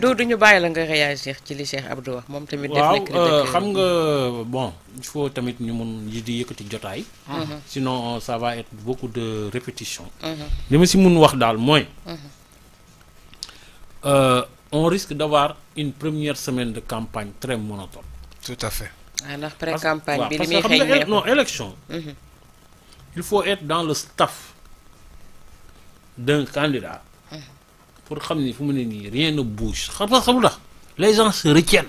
bon il faut tamit ñu mhm. sinon ça va être beaucoup de répétition. Mhm. Mhm. Euh, on risque d'avoir une première semaine de campagne très monotone. tout à fait. Ah, campagne il faut être dans le staff d'un candidat pour xam ni rien ne bouge xam nga xam les gens se retiennent.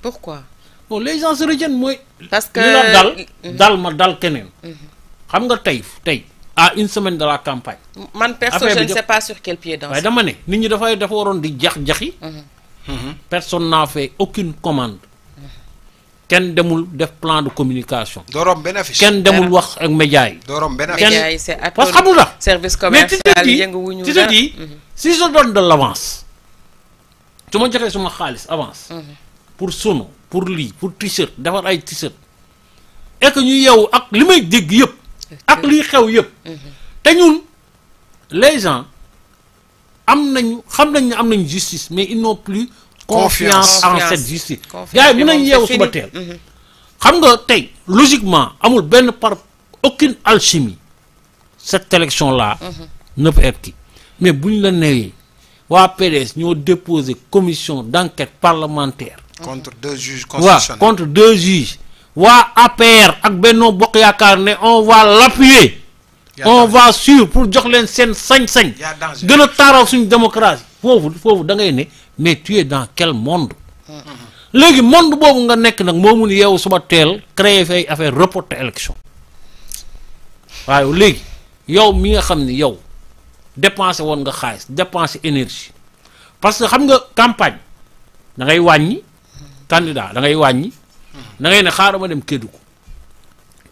pourquoi. bon les gens se retiennent mooy. parce que li dal. Mm-hmm. dal ma dal keneen. Mm-hmm. xam nga tey tey. à une semaine de la campagne. man perso je ne sais pas sur quel pied danser. waaye dama ne nit ñi dafay dafa waroon di jax jaxi. Mm-hmm. personne n'a fait aucune commande. Ken demul def plan de communication. Dorom bénéfice. Ken demul wax ak média yi. doorom benn affiche yi c'est parce que xamul la service commercial yëngu wuñu dara tu te dis si je donne de l'avance tu ma joxee suma xaalis avance. Mhm. pour son, pour lui, pour t-shirt D'avoir un t-shirt et que ñu avons un li de dégg yëpp. ak liy xew yëpp. Mhm. te ñun les gens Ils ont une justice mais ils n'ont plus. confiance en cette justice. gars yi une nañu yeewu mhm. xam nga logiquement amul ben par aucune alchimie cette élection là. ne peut être mais buñ la avez nous PDS commission d'enquête parlementaire. contre deux juges constitutionnels contre deux juges. APR Benno on va l'appuyer. on va suivre pour jox leen 5 De notre notre a démocratie. vous mais tu es dans quel monde. Mm-hmm. Le monde où nga nekk reporter élection dépensé woon nga xaalis dépensé énergie parce que xam nga campagne da ngay wàññi candidat da ngay wàññi da ngay ne xaaral ma dem Kédougou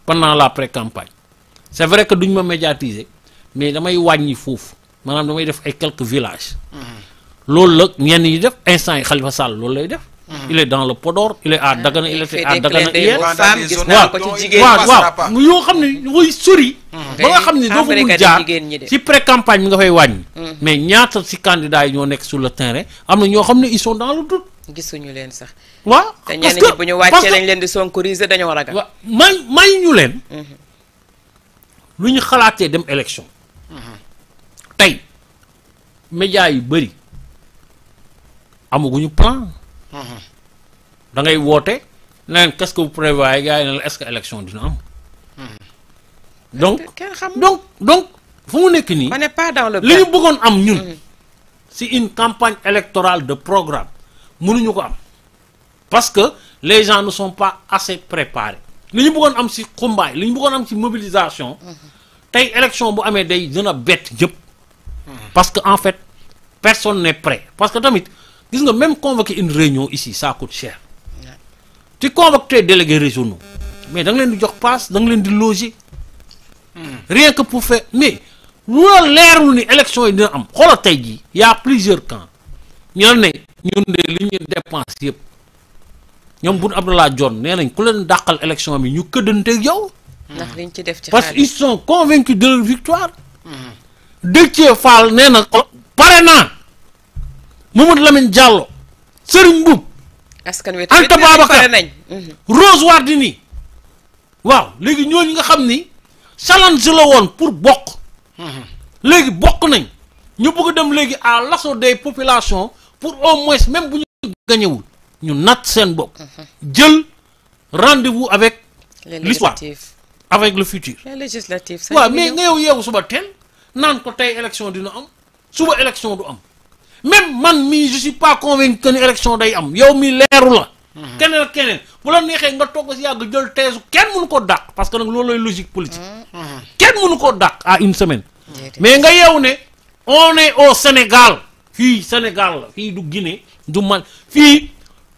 pendant la pré campagne c'est vrai que duñ ma médiatiser mais damay wàññi foofu maanaam damay def ay quelques villages mmh. loolu la ñenn yi def instant yi Khalifa Sall loolu lay def Mm-hmm. il est dans le Podor il est à ah, Dagana il était à waaw waaw yoo xam ne woy sori mm-hmm. ba nga xam ne doo fa mun jaar ci pré campagne bi nga fay wàññi mm-hmm. mais ñaata ci candidat yi ñoo nekk sur le terrain am na ñoo xam ne ils sont dans le doute gisuñu leen sax waaw te ñenn ñi bu ñu wàccee lañ may may ñu leen lu ñu xalaatee dem élection tey média yu bëri amaguñu plan da ngay woote qu'est-ce que vous prévoyez gars yi ne la est-ce que élection dina am. Hmm. donc donc donc fu mu nekk nii. on n'est pas dans le li hmm. une campagne électorale de programme mënuñu ko am parce que les gens ne sont pas assez préparés li ñu bëggoon am si combat li ñu bëggoon am si mobilisation. Hmm. tey élection bu amee day dina bett jëpp. parce que en fait personne n'est prêt parce que tamit. gis nga même convoquer une réunion ici ça coûte cher tu convoques tes délégués régionaux mais da nga leen di jox paas da nga leen di loger hmm. rien que pour faire mais lu la leerul ni élection yi dina am xoolal tey jii y a plusieurs camps ñoo ne ñun de li ñuy dépense yëpp ñoom Boun Abdallah Dionne nee nañ ku leen dàqal élection bi ñu këddanteeg yow. Hmm. ndax liñ ci def ci parce que ils sont convaincus de leur victoire. Hmm. Déthié Fall nee na pare naa. Mamadou Lamine Diallo Serigne Mboup. askan wi Anta Babacar mhm. Rose Wardini waaw léegi ñooñu nga xam ni challenge la woon pour bokk. Mhm. léegi bokk nañ ñu bëgg dem léegi à la l'assaut des population pour au moins même bu ñu gañewul ñu natt seen bopp. Mhm. jël rendez-vous avec. l'histoire avec le futur. les législatives waaw mais nga yow yeewu suba teel naan ko tey élection dina am suba élection du am. même moi je je suis pas convaincu que l'élection day am yow mi eu la. Mhm. la nga parce que nous avons logique politique. Mhm. kenn ko à une semaine. mais nga on est au Sénégal au Sénégal fille Guinée du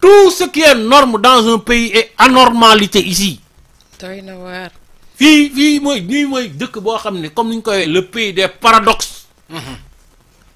tout ce qui est norme dans un pays est anormalité ici. fille, fille, fille, fille, fille, fille, fille, fille, comme le pays des paradoxes. Mhm.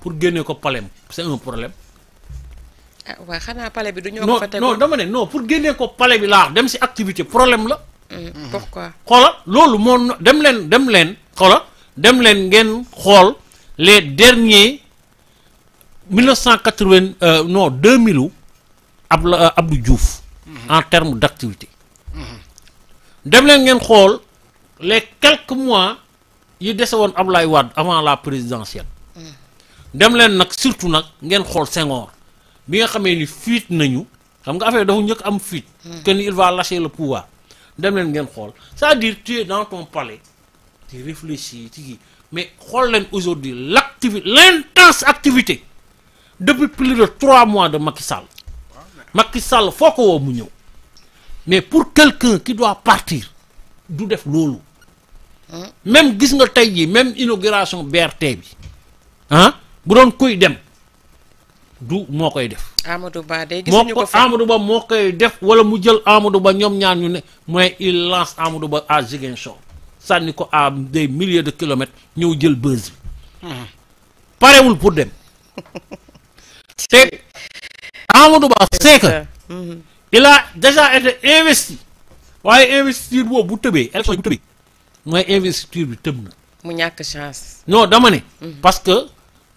pour gagner le palais c'est un problème. ah non non pour gagner le palais bi y activité problème hmm, pourquoi. les derniers 1980 euh, non 2000 euh, Abdou hmm. en termes d'activité. Hmm. les quelques mois avant la présidentielle dem leen nag surtout nag ngeen xool Senghor bi nga xamee ni fuite nañu xam nga affaire dafa njëkk am fuite. Hmm. que ni il va lâcher le pouvoir dem leen ngeen xool c'est-à-dire tu es dans ton palais tu réfléchis ci kii mais xool leen aujourd'hui l'activité l'intense activité depuis plus de trois mois de Macky Sall Macky Sall foo ko woo mu ñëw mais pour quelqu'un qui doit partir du def loolu hmm. même gis nga tey jii même inauguration BRT bi ah bu doon kuy dem du moo koy def. Amadou Ba day gisuñu ko Amadou Ba moo koy def wala mu jël Amadou Ba ñoom ñaan ñu ne mooy il lance Amadou Ba à Ziguinchor sànni ko à des milliers de kilomètres ñëw jël buzz bi. Hmm. parewul pour dem. te Amadou Ba c'est hmm. il a déjà été investi waaye investiture boobu bu tëbee élection bu tëbee mooy investiture bi tëb na. mu ñàkk chance. non dama ne. Hmm. parce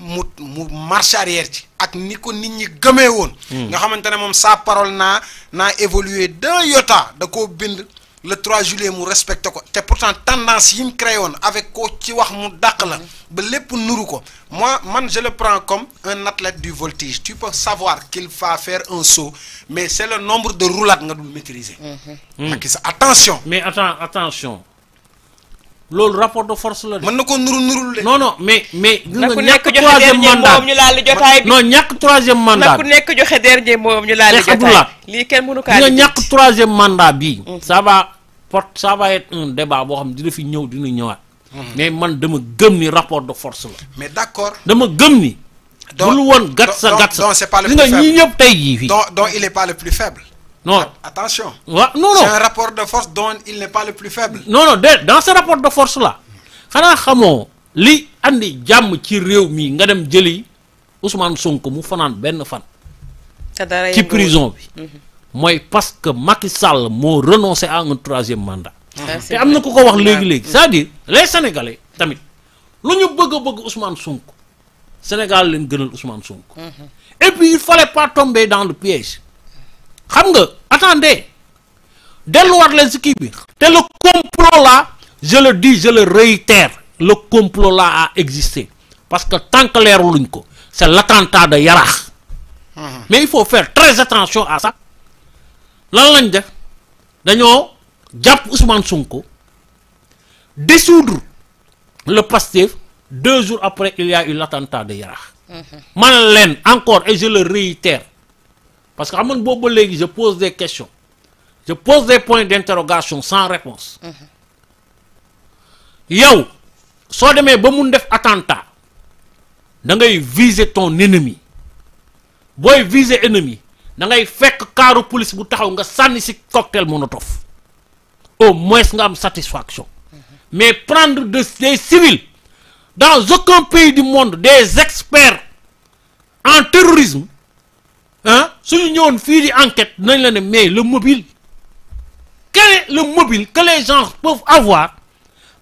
mu mu marche arrière ci ak ni ko nit ñi gëmee woon. Hmm. nga xamante mom sa parole n'a évolué d'un iota da koo bind. le 3 juillet mu respectons ko té pourtant tendance yim avec ko ci wax mu dàq la ba lépp nuru ko moi man je le prends comme un athlète du voltige tu peux savoir qu'il va faire un saut mais c'est le nombre de roulades nga dul maîtriser. Hmm. attention. mais attends attention loolu rapport de force la de. mën nuru nurul de. non non mais mais. na ku nekk joxe dernier moom ñu laal jotaay bi non ñàkk troisième mandat bi. na ku joxe dernier mom ñu laal jotaay bi li ken mënu kaa nga ñàkk troisième mandat bi mm. ça va porte ça va être un débat bo xam dina fi ñëw dina ñewat mm. mais man dama gëm ni rapport de force la. mais d'accord dama gëm ni. donc donc c' gatsa gatsa. donc c' est pas le plus faible li nga ñii ñëpp tey donc il est pas le plus faible. Non. Attention. C'est un rapport de force dont il n'est pas le plus faible. Non, non, dans ce rapport de force-là, xanaa li andi jam ci mi nga dem jeli Ousmane Sonko mu fanaan ben fan. ci prison bi. Mhm. parce que Macky Sall mo renoncé à un troisième mandat. Et on na dit ko wax mhm. c'est-à-dire les sénégalais tamit lu ñu bëgg bëgg Ousmane Sonko Sénégal leen gënal Ousmane Sonko. Mhm. et puis il fallait pas tomber dans le piège xam nga attendez Dès le si kii bi le complot là je le dis je le réitère le complot là a existé parce que tant que les luñ ko l'attentat de Yarah. Hum. mais il faut faire très attention à ça lan lañ def Ousmane Sonko dissoudre le pasteur deux jours après il y a eu l'attentat de Yarah. Hum. man encore et je le réitère parce que amoon je pose des questions je pose des points d'interrogation sans réponse Yo, soo demee ba mun def attentat da ngay viser ton ennemi Boy viser ennemi da ngay fekk kaaru police bu taxaw nga sànni cocktail monotone. au moins nga satisfaction mais prendre des civils dans aucun pays du monde des experts en terrorisme si nous avons fait enquête mais le mobile quel est le mobile que les gens peuvent avoir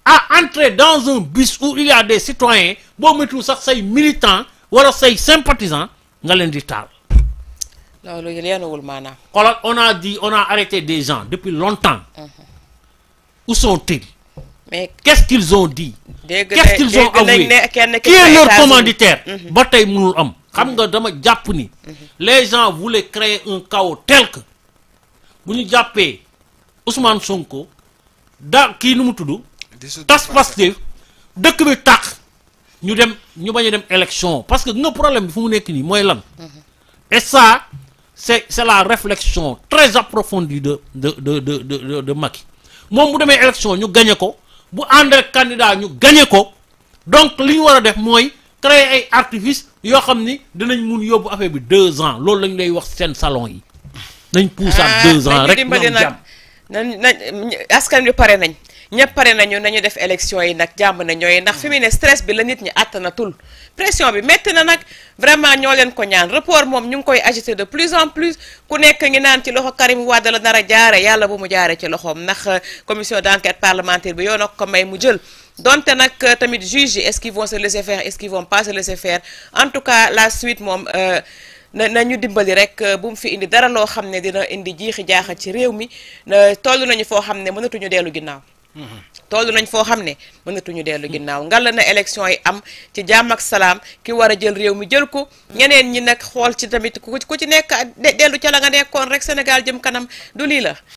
à entrer dans un bus où il y a des citoyens bon mettre sax militants ou sympathisants dans leen on a dit on a arrêté des gens depuis longtemps mhm. où sont-ils qu'est-ce qu'ils ont dit qu'est-ce qu'ils ont qui est leur commanditaire mhm. Bataille xam nga dama japp ni les gens voulaient créer un chaos tel que bu ñu jàppee Ousmane Sonko da ki nu mu tudd tas Pastef dëkk bi tak ñu dem ñu bañ dem élection parce que nga problème bi fu mu nekk nii mooy lan et ça c'est c'est la réflexion très approfondie de de de de de de Macky mom bu demee élection ñu gañe ko bu ànd candidat ñu gañe ko donc li ñu wara def moy créer ay artifice yoo xam ni dinañ mun yóbbu affaire bi deux ans loolu lañ lay wax seen salon yi nañ puusaat ah, deux ans rek ñoom jàmm nañ nañ askan wi pare nañ ñëpp pare nañu nañu def élection yi nag jàmb na ñooy ndax fi mu ne stress bi la nit ñi àttanatul pression bi métti na nag vraiment ñoo leen ko ñaan report moom ñu ngi koy agité de plus en plus ku nekk ngi naan ci loxo Karim Wade la nar a jaare yàlla bu mu jaare ci loxoom ndax euh, commission d'enquête parlementaire bi yoon ak ko may mu jël donte nag euh, tamit juge yi est-ce qu'ils vont se laisser faire est en tout cas la suite moom euh, na ñu dimbali rek euh, bu mu fi indi dara loo xam ne dina indi jiixi jaaxal ci réew mi toll nañu foo xam ne mënatuñu dellu ginnaaw. Mhm. toll nañ foo xam ne mënatuñu dellu ginnaaw ngalla na élection yi am ci jàmm ak salaam ki war a jël réew mi jël ko ñeneen ñi nag xool ci tamit ku ci nekk dellu ca la nga nekkoon rek Sénégal jëm kanam du lii la